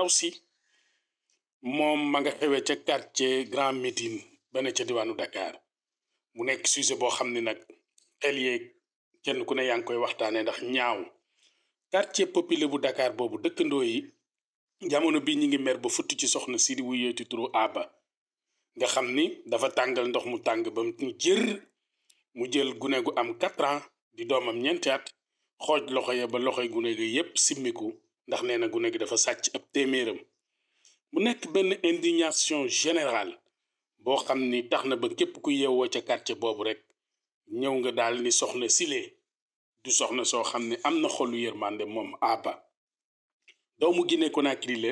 ndaw si moom ma nga xewee ca quartier Grand Médine ba ne ca diwaanu Dakar mu nekk sujet boo xam ne nag xel yeeg kenn ku ne yaa ngi koy waxtaanee ndax ñaaw quartier popule bu Dakar boobu dëkkandoo yi jamono bii ñu ngi mer ba futt ci soxna si di wuyeeti turu Aba nga xam ni dafa tàngal ndox mu tàng ba mu jër mu jël gune gu am quatre ans di doomam ñeenti at xooj loxo ya ba loxoy gune gi yépp simmiku ndax nee na gune gi dafa sàcc ab téeméeram mu nekk benn indignation général boo xam ni tax na ba képp ku yeewoo ca quartier boobu rek ñëw nga daal ni soxna Sile du soxna soo xam ne am na xolu yërmande moom Abba doomu ginnee ko Conakry la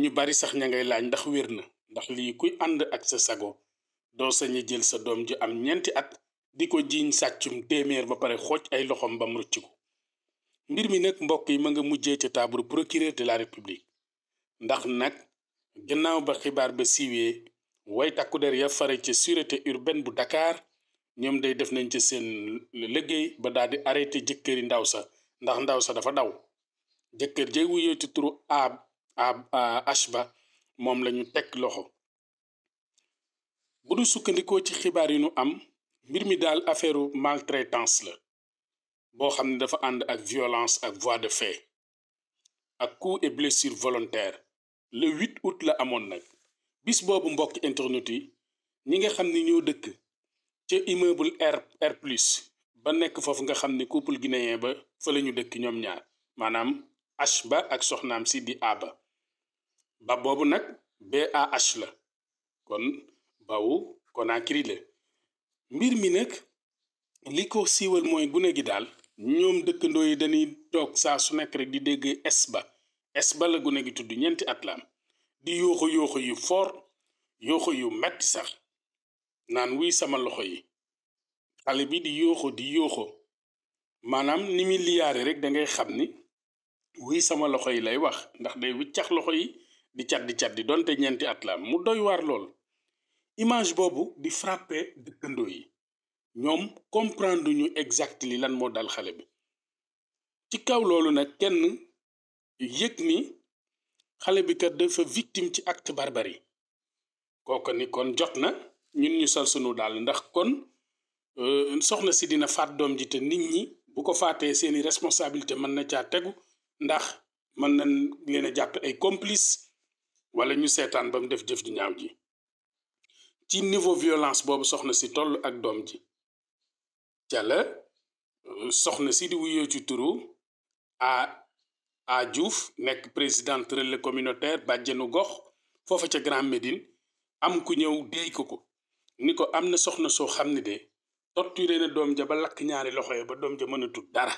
ñu bari sax ña ngay laaj ndax wér na ndax lii kuy ànd ak sa sago doo sañu jël sa doom ji am ñeenti at di ko jiiñ sàccum téeméer ba pare xooj ay loxoom ba mu rëcc ko mbir mi nag mbokk yi ma nga mujjee ca taabaru procureur de la république ndax nag gannaaw ba xibaar ba siiwee way takku der ya fare ca sûreté urbaine bu Dakar ñoom day def nañ ca seen liggéey ba daal di arrêté jëkkëri ndaw sa ndax ndaw sa dafa daw jëkkër jay wuyoo ci turu ab ab ashba moom lañu ñu teg loxo bu sukkandikoo ci xibaar yi nu am mbir mi daal affaireu maltraitance la boo xam ne dafa ànd ak violence ak voie de fait ak coups et blessures volontaires le 8 août la amoon nag bis boobu mbokk internet ñi nga xam ne ñoo dëkk ca immeuble R R plus ba nekk foofu nga xam ne couple guinéen ba fa la ñu dëkk ñoom ñaar maanaam H ba ak soxnaam si di A ba boobu nag BAH la kon bawu Conakry la mbir mi nag li ko siiwal mooy gune gi daal ñoom dëkkandoo yi dañuy toog saa su nekk rek di dégg es ba es ba la gune gi tudd ñeenti at di yooxu yooxu yu foor yooxu yu metti sax naan wuy sama loxo yi xale bi di yooxu di yooxu maanaam ni muy liyaare rek da ngay xam ni wuy sama loxo yi lay wax ndax day wiccax loxo yi di cat di cat di donte ñeenti at mu doy waar lool image boobu di frappé dëkkandoo yi ñoom comprendre ñu exact li lan moo dal xale bi ci kaw loolu nag kenn yëg ni xale bi kër dafa victime ci acte barbarie kooko ni kon jot na ñun ñu sol sunu daal ndax kon euh, soxna si dina faat doom ji te nit ñi bu ko faatee seeni responsabilité mën na caa tegu ndax mën na leen a jàpp ay complice wala ñu seetaan ba mu def jëf ju ñaaw ji ci niveau violence boobu soxna si toll ak doom ji ca la euh, soxna si di wuyoo ci turu a a nekk président relais communautaire bàjjenu gox foofa ca Grand Médine am ku ñëw déy ko ko ni ko am na soxna soo xam ne de torturé na doom ja ba lakk ñaari loxo ya ba doom ja mënatul dara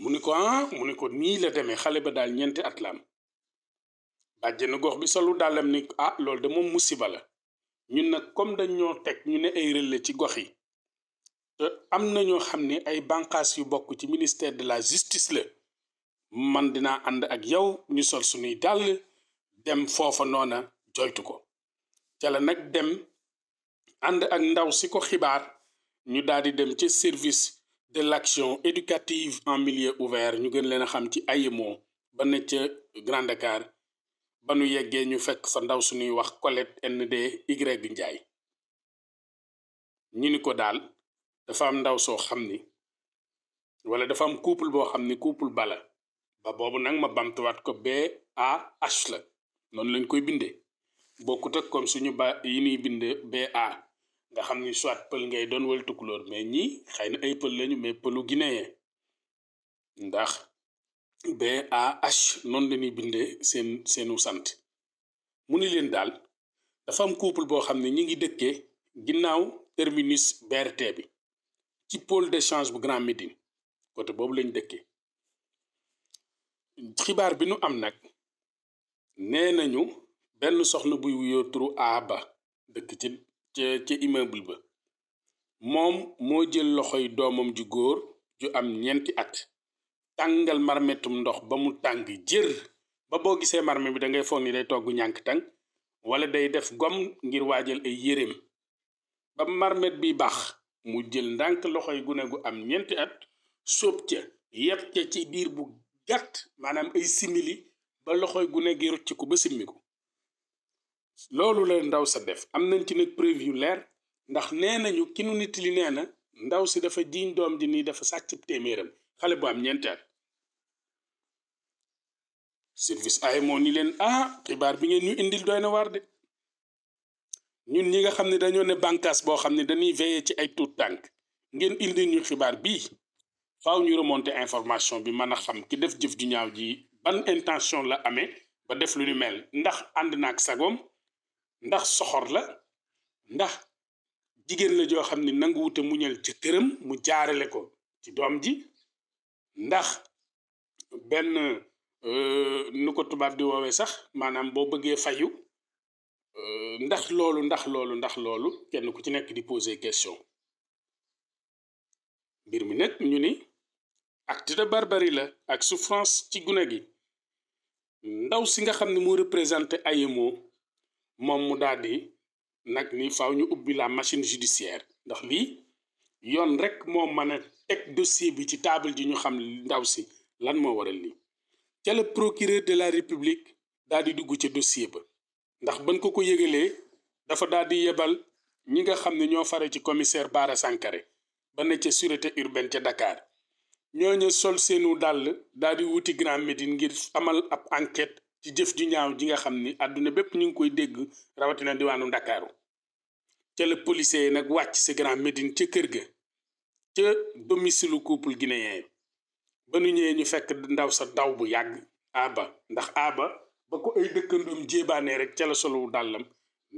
mu ni ko ah mu ne ko nii la deme xale ba daal ñeenti at la am gox bi solu dàllam ni ah loolu de moom musiba la ñun nag comme dañ ñoo teg ñu ne ay relais ci gox yi am na ñoo xam ne ay bànqaas yu bokk ci ministère de la justice la man dina ànd ak yow ñu sol suñuy dàll dem foofa noona joytu ko ca la nag dem ànd ak ndaw si ko xibaar ñu daal di dem ci service de l'action éducative en milieu ouvert ñu gën leen a xam ci AEMO ba ne ci Grand Dakar ba nu yeggee ñu fekk fa ndaw suñuy wax Colette ND Y Ndiaye ñu ni ko daal dafa am ndaw soo xam ni wala dafa am couple boo xam ni couple bala ba boobu nag ma bamtuwaat ko B A H la noonu lañ koy bindee bokkut ak comme suñu ba yi ñuy bindee B nga xam ni soit pël ngay doon wala tukulóor mais ñii xëy na ay pël lañu mais pëlu guinéen ndax B A H noonu la ñuy bindee seen seenu sant mu ni leen daal dafa am couple boo xam ne ñi ngi dëkkee ginnaaw terminus BRT bi. ci de change bu Grand Médine côté boobu lañ dëkkee xibaar bi nu am nag nee nañu benn soxna buy wuyoo turu Aaba dëkk ci ca ca immeuble moom moo jël loxoy doomam ju góor ju am ñeenti at tàngal marmetum ndox ba mu tàng jër ba boo gisee marmet bi da ngay foog ni day togg ñànk tàng wala day def gom ngir waa jël ay yéreem ba marmet bi baax mu jël ndànk loxoy gune gu am ñeenti at sóob ca yeb ca ci diir bu gàtt maanaam ay simili ba loxoy gune gi rocc ko ba simmi loolu la ndaw sa def am nañ ci nag preuve yu leer ndax nee nañu ki nu nit li nee na ndaw si dafa jiiñ doom ji nii dafa sàcc téeméeram xale bu am ñeenti at service ay moo ni leen ah xibaar bi ngeen ñu indil doy na waar de ñun ñi nga xam ne dañoo ne bànqaas boo xam ne dañuy veiller ci ay tuut tànk ngeen indi ñu xibaar bii faaw ñu remonter information bi mën a xam ki def jëf ju ñaaw ji ban intention la amee ba def lu ni mel ndax ànd ak sagoom ndax soxor la ndax jigéen la joo xam ne nangu wute muñal jëkkëram mu jaarale ko ci doom ji ndax benn euh, nu ko tubaab di woowee sax maanaam boo bëggee fayu Euh, ndax loolu ndax loolu ndax loolu kenn ku ci nekk di poser question mbir mi nag ñu ni acte de barbarie la ak souffrance ci gune gi ndaw si nga xam ne moo représenté AEMO moom mu daal di nag ni faw ñu ubbi la machine judiciaire ndax lii yoon rek moo mën a teg dossier bi ci table ji ñu xam ndaw si lan moo waral lii ca la procureur de la république daal di dugg ca dossier ba ndax ban ko ko yëgalee dafa daal di yebal ñi nga xam ne ñoo fare ci commissaire Bara Sankaré ba ne ca sûreté urbaine ca Dakar ñooñu sol seenu dàll daal di wuti Grand Médine ngir amal ab enquette ci jëf ju ñaaw ji nga xam ni àdduna bépp ñu ngi koy dégg rawatina diwaanu Ndakaaru ca la policier yi nag wàcc si Grand Médine ca kër ga ca domicile couple guinéen ba nu ñëwee ñu fekk ndaw sa daw bu yàgg aba ndax aba ba ko ay dëkkandoom jéebaanee rek ca la solowu dàllam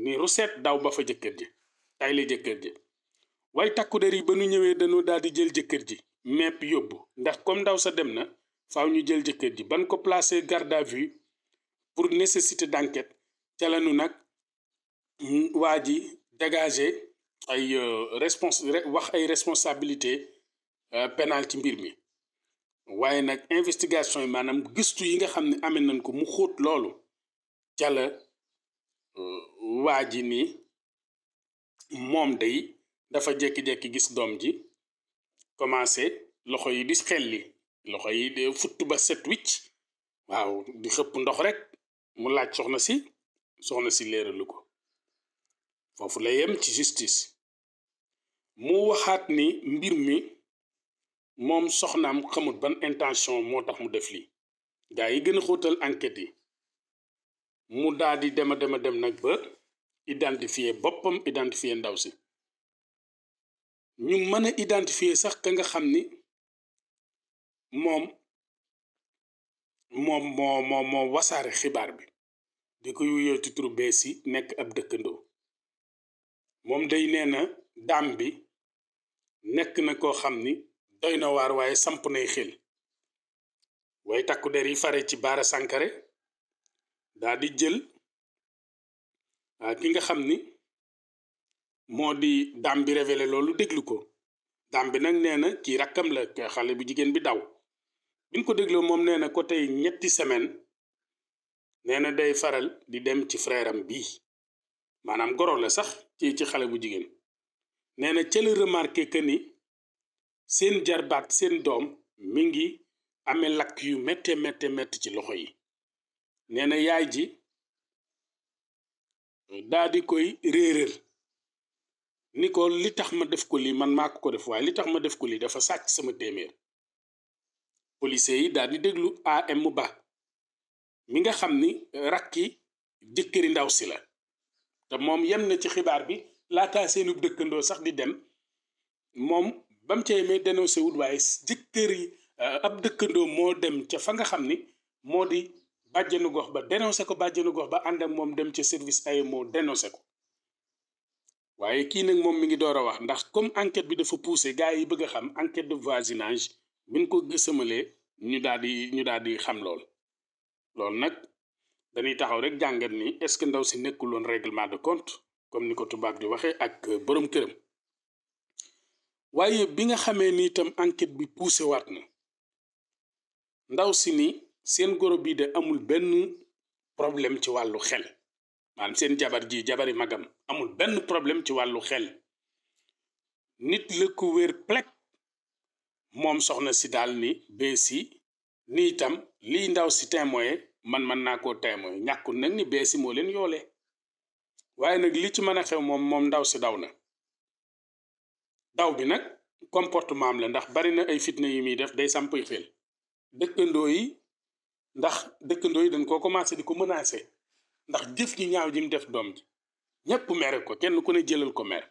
ni ruseet daw ba fa jëkkër ji tay jëkkër ji waaye takku der yi ba nu ñëwee dañoo daal di jël jëkkër ji mepp yóbbu ndax comme ndaw sa dem na faaw ñu jël jëkkër ji ban ko placé garde à vue pour nécessité d'enquête ca la nu nag waa ji dégager ay euh, respons wax ay responsabilité euh, pénale ci mbir mi waaye nag investigation yi maanaam gëstu yi nga xam ne amee nañ ko mu xóot loolu ca la euh, waa ji ni moom day dafa jékki-jékki gis doom ji commencé loxo yi di li loxo yi de futt ba set wicc waaw di xëpp ndox rek mu laaj soxna si soxna si leeralu ko foofu la yem ci justice mu waxaat ni mbir mi moom soxnaam xamut ban intention moo tax mu def lii gaa yi gën a xóotal enquête yi mu daal di dem a dem a dem nag ba identifier boppam identifier ndaw si ñu mën a identifier sax ka nga xam ni moom moom moo moo moo wasaare xibaar bi di ko yuyoo ci bees yi nekk ab dëkkandoo moom dey nee na daam bi nekk na koo xam ni doy na waar waaye samp nay xël way takku der yi fare ci Bara Sankaré daa di jël ah, ki nga xam ni moo di daam bi révélé loolu déglu ko daam bi nag nee na kii rakkam la xale bu jigéen bi daw biñ ko dégloo moom nee na ko tey ñetti semaine nee na day faral di dem ci frère am bii maanaam goro la sax ci ci xale bu jigéen nee na ca la remarqué ni seen jarbaat seen doom mi ngi amee lakk yu métte métte mett ci loxo yi nee na yaay ji daa di koy réeréer ni ko li tax ma def ko lii man maa ko def li tax ma def ko lii dafa sàcc sama téeméer policier yi daal di déglu am ba mi nga xam ni rakki jëkkëri ndaw si la te moom yem na ci xibaar bi laataa seenu dëkkandoo sax di dem moom ba mu cay mais dénoncé wul waaye jëkkër yi euh, ab dëkkandoo moo dem ca fa nga xam ni moo di bàjjenu gox ba dénoncé ko bàjjenu gox ba ànd moom dem ca service ay moo dénoncé ko waaye kii nag moom mi ngi door a wax ndax comme enquête bi dafa poussé gars yi bëgg a xam enquête de voisinage bi ñu ko gisamalee ñu daal di ñu daal di xam lool loolu nag dañuy taxaw rek jàngat ni est-ce que ndaw si nekkuloon règlement de compte comme ni ko tubaab di waxee ak euh, borom këram waaye bi nga xamee ni itam enquête bi poussé waat na ndaw si ni seen goro bii de amul benn problème ci wàllu xel seen jabar ji jabari magam amul benn problème ci wàllu xel nit la ko wér plek moom soxna si daal ni beesi ni itam liy ndaw si témoin man mën naa koo témoin ñàkku nag ni beesi moo leen yoole waaye nag li ci mën a xew moom moom ndaw si daw na daw bi nag comportement am la ndax bari na ay fitna yi muy def day samp xel dëkkandoo yi ndax dëkkandoo yi dañ koo commencé di ko menacer ndax jëf ji ñaaw ji mu def doom ji ñépp mere ko kenn ku ne jëlal ko mere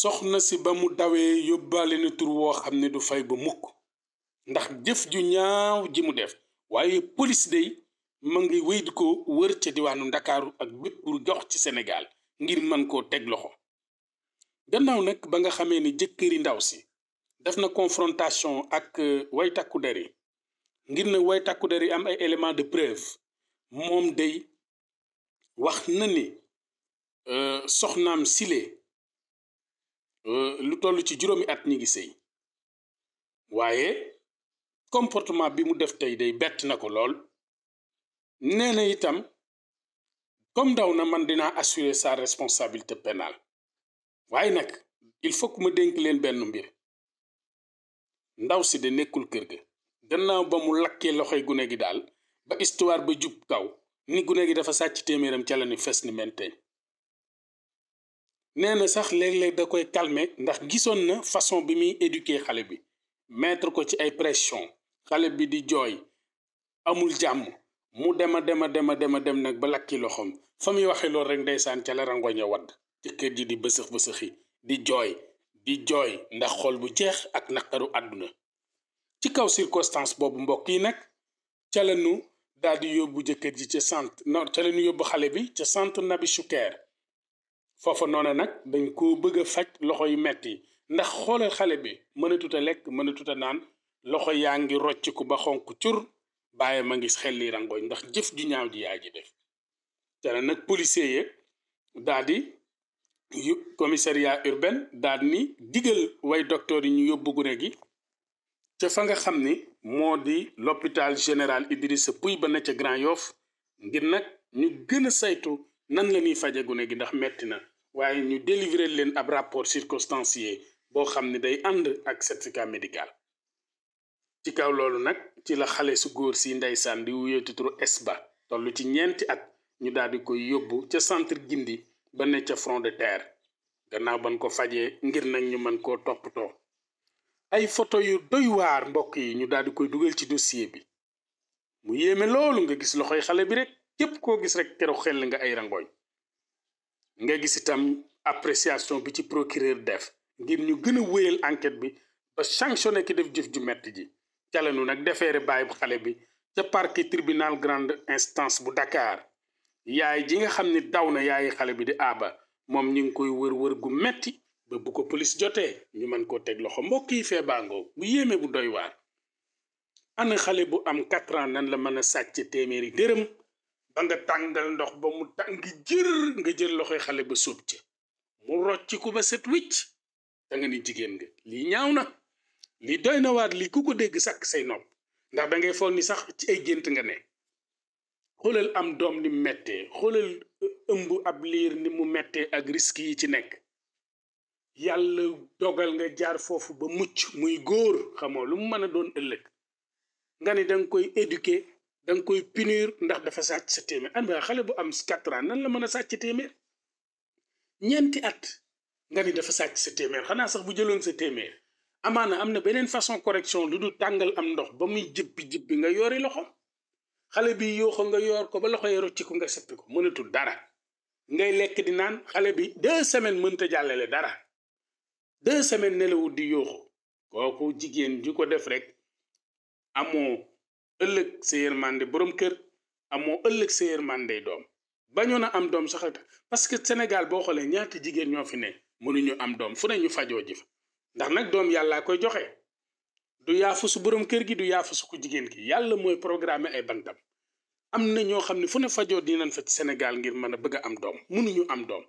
soxna si ba mu dawee yóbbaale na tur woo xam ne du fay ba mukk ndax jëf ju ñaaw ji mu def waaye polis day mag ngi wéy di ko wër ca diwaanu Ndakaaru ak bépp jox ci Sénégal ngir mën koo teg loxo gannaaw nag ba nga xamee ni jëkkëri ndaw si def na confrontation ak euh, way takku der ngir ne way takku der yi am ay élément de preuve moom day wax na ni euh, soxnaam sile euh, lu toll ci juróomi at ñi ngi sëy waaye comportement bi mu def tey day bett na ko lool nee na itam comme daw na man dinaa assurer sa responsabilité penal waaye nag il faut que ma dénk leen benn mbir ndaw si de nekkul kër ga gannaaw ba mu lakkee loxoy gune gi daal ba istuwaar ba jub kaw ni gune gi dafa sàcc téeméeram ca la ni fes ni menteñ nee na sax léeg-léeg da koy calmer ndax gisoon na façon bi muy éduquer xale bi mettre ko ci ay pression xale bi di jooy amul jàmm mu dema dema dema dema dem nag ba lakki loxoom fa muy waxee loolu rek ndeysaan ca la rangoña wadd jëkkër ji di bësëx bësëxi di jooy di jooy ndax xool bu jeex ak naqaru àdduna ci kaw circonstance boobu mbokk yi nag ca la ñu daal yóbbu jëkkër ji ca sant no ca la yóbbu xale bi ca sant nabi sukeer foofa noonu nag dañ ko bëgg a faj loxo yu metti ndax xoolal xale bi mënatut a lekk mënatut a naan loxo yaa ngi rocciku ba xonk cur bàyyi ma ngi xel li rangooñ ndax jëf ju ñaaw ji yaay ji def te nag policier yi daal commissariat urbain daal ni digal way docteur yi ñu yóbbu gune gi ca fa nga xam ni moo di l'hôpital général Idrissa Pouye ba na ca Grand Yoff ngir nag ñu gën a saytu nan la ñuy faje gune gi ndax metti na waaye ñu délivrer leen ab rapport circonstancié boo xam ne day ànd ak certificat médical ci kaw loolu nag ci la xale su góor si ndeysaan di wuyeeti es ba toll ci ñeenti at ñu daal di koy yóbbu ca centre Gindi ba ne ca front de terre gannaaw ban ko fajee ngir nag ñu mën koo toppatoo ay photo yu doy mbokk yi ñu daal di koy dugal ci dossier bi mu yéeme loolu nga gis loxoy xale bi rek képp koo gis rek keroog xel nga ay rangooñ nga gis itam appréciation bi ci procureur def ngir ñu gën a wéyal enquête bi ba sanctionné ki def jëf ju metti ji calanu nag defeere bàyyi xale bi ca parki tribunal grande instance bu Dakar yaay ji nga xam ni daw na yaayi xale bi di aaba moom ñu ngi koy wër wër gu metti ba bu ko polis jotee ñu mën koo teg loxo mbokk yi feebaangoo bu yéemee bu doy waar ana xale bu am quatre ans nan la mën a sàcc téeméeri dërëm ba nga tàngal ndox ba mu tàng jër nga jël loxoy xale ba sóob ca mu rocciku ba set wicc da nga ni jigéen nga lii ñaaw na lii doy na waar lii ku ko dégg sakk say nopp ndax da ngay foog ni sax ci ay gént nga ne xoolal am doom ni mu mettee xoolal ëmb ab liir ni mu mettee ak risque yi ci nekk yàlla dogal nga jaar foofu ba mucc muy góor xamoo lu mu mën a doon ëllëg nga ni danga koy éduquer danga koy punir ndax dafa sàcc sa téeméer xale bu am quatre nan la mën a sàcc téeméer ñeenti at nga dafa sàcc sa téeméer xanaa sax bu jëloon sa téeméer amaana am na beneen façon correction lu du tàngal am ndox ba muy jibbi jibbi nga yori loxoom xale bi yoo nga yor ko ba loxo yoroo ci ko nga seppi ko mënatul dara ngay lekk di naan xale bi deux semaines mënta jàllale dara deux semaine nelawut di yooxu kooku jigéen ju ko def rek amoo ëllëg sa yërmande borom kër amoo ëllëg sa yërmande doom bañoon na am doom sax parce que Sénégal boo xoolee ñaata jigéen ñoo fi ne mënuñu am doom fu ne ñu fajoo ji fa ndax nag doom yàlla yàllaa koy joxe du yaafusu boroom kër gi du yaafusu ku jigéen gi yàlla mooy programme ay bantam am na ñoo xam ne fu ne fajoo dinañ fa ci Sénégal ngir mën a bëgg am doom mënuñu am doom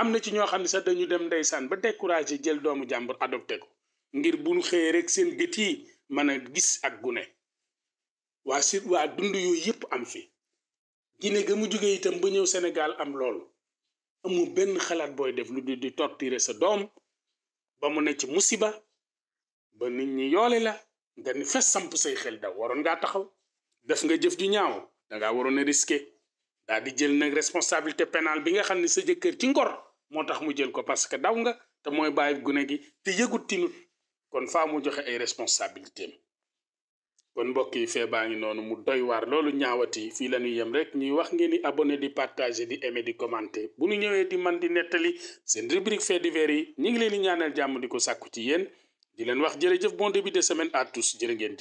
am na ci ñoo xam ne sax dañu dem ndeysaan ba découragé jël doomu jàmbur adopté ko ngir bu ñu xëyee rek seen gët yi mën a gis ak gune waa si waa dund yooyu yëpp am fi Guinée ga mu jóge itam ba ñëw Sénégal am loolu amu benn xalaat booy def lu di di torturer sa doom ba mu ne ci musiba ba nit ñi yoole la nga ni fes samp say xel daw waroon ngaa taxaw def nga jëf ju ñaaw da ngaa waroon a risqué daal di jël nag responsabilité pénale bi nga xam ne sa jëkkër ci ngor moo tax mu jël ko parce que daw nga te mooy bàyyi gune gi te yëgut tinut kon faa mu joxe ay responsabilité kon mbokk yi fee baa ngi noonu mu doy waar loolu ñaawati fii la ñuy yem rek ñuy wax ngeen di abonné di partager di aimer di commenter bu ñu ñëwee di man di nettali seen rubrique faits divers yi ñu ngi leen di ñaanal jàmm di ko sàkku ci yéen di leen wax jërëjëf bon début de semaine à tous jërë ngeen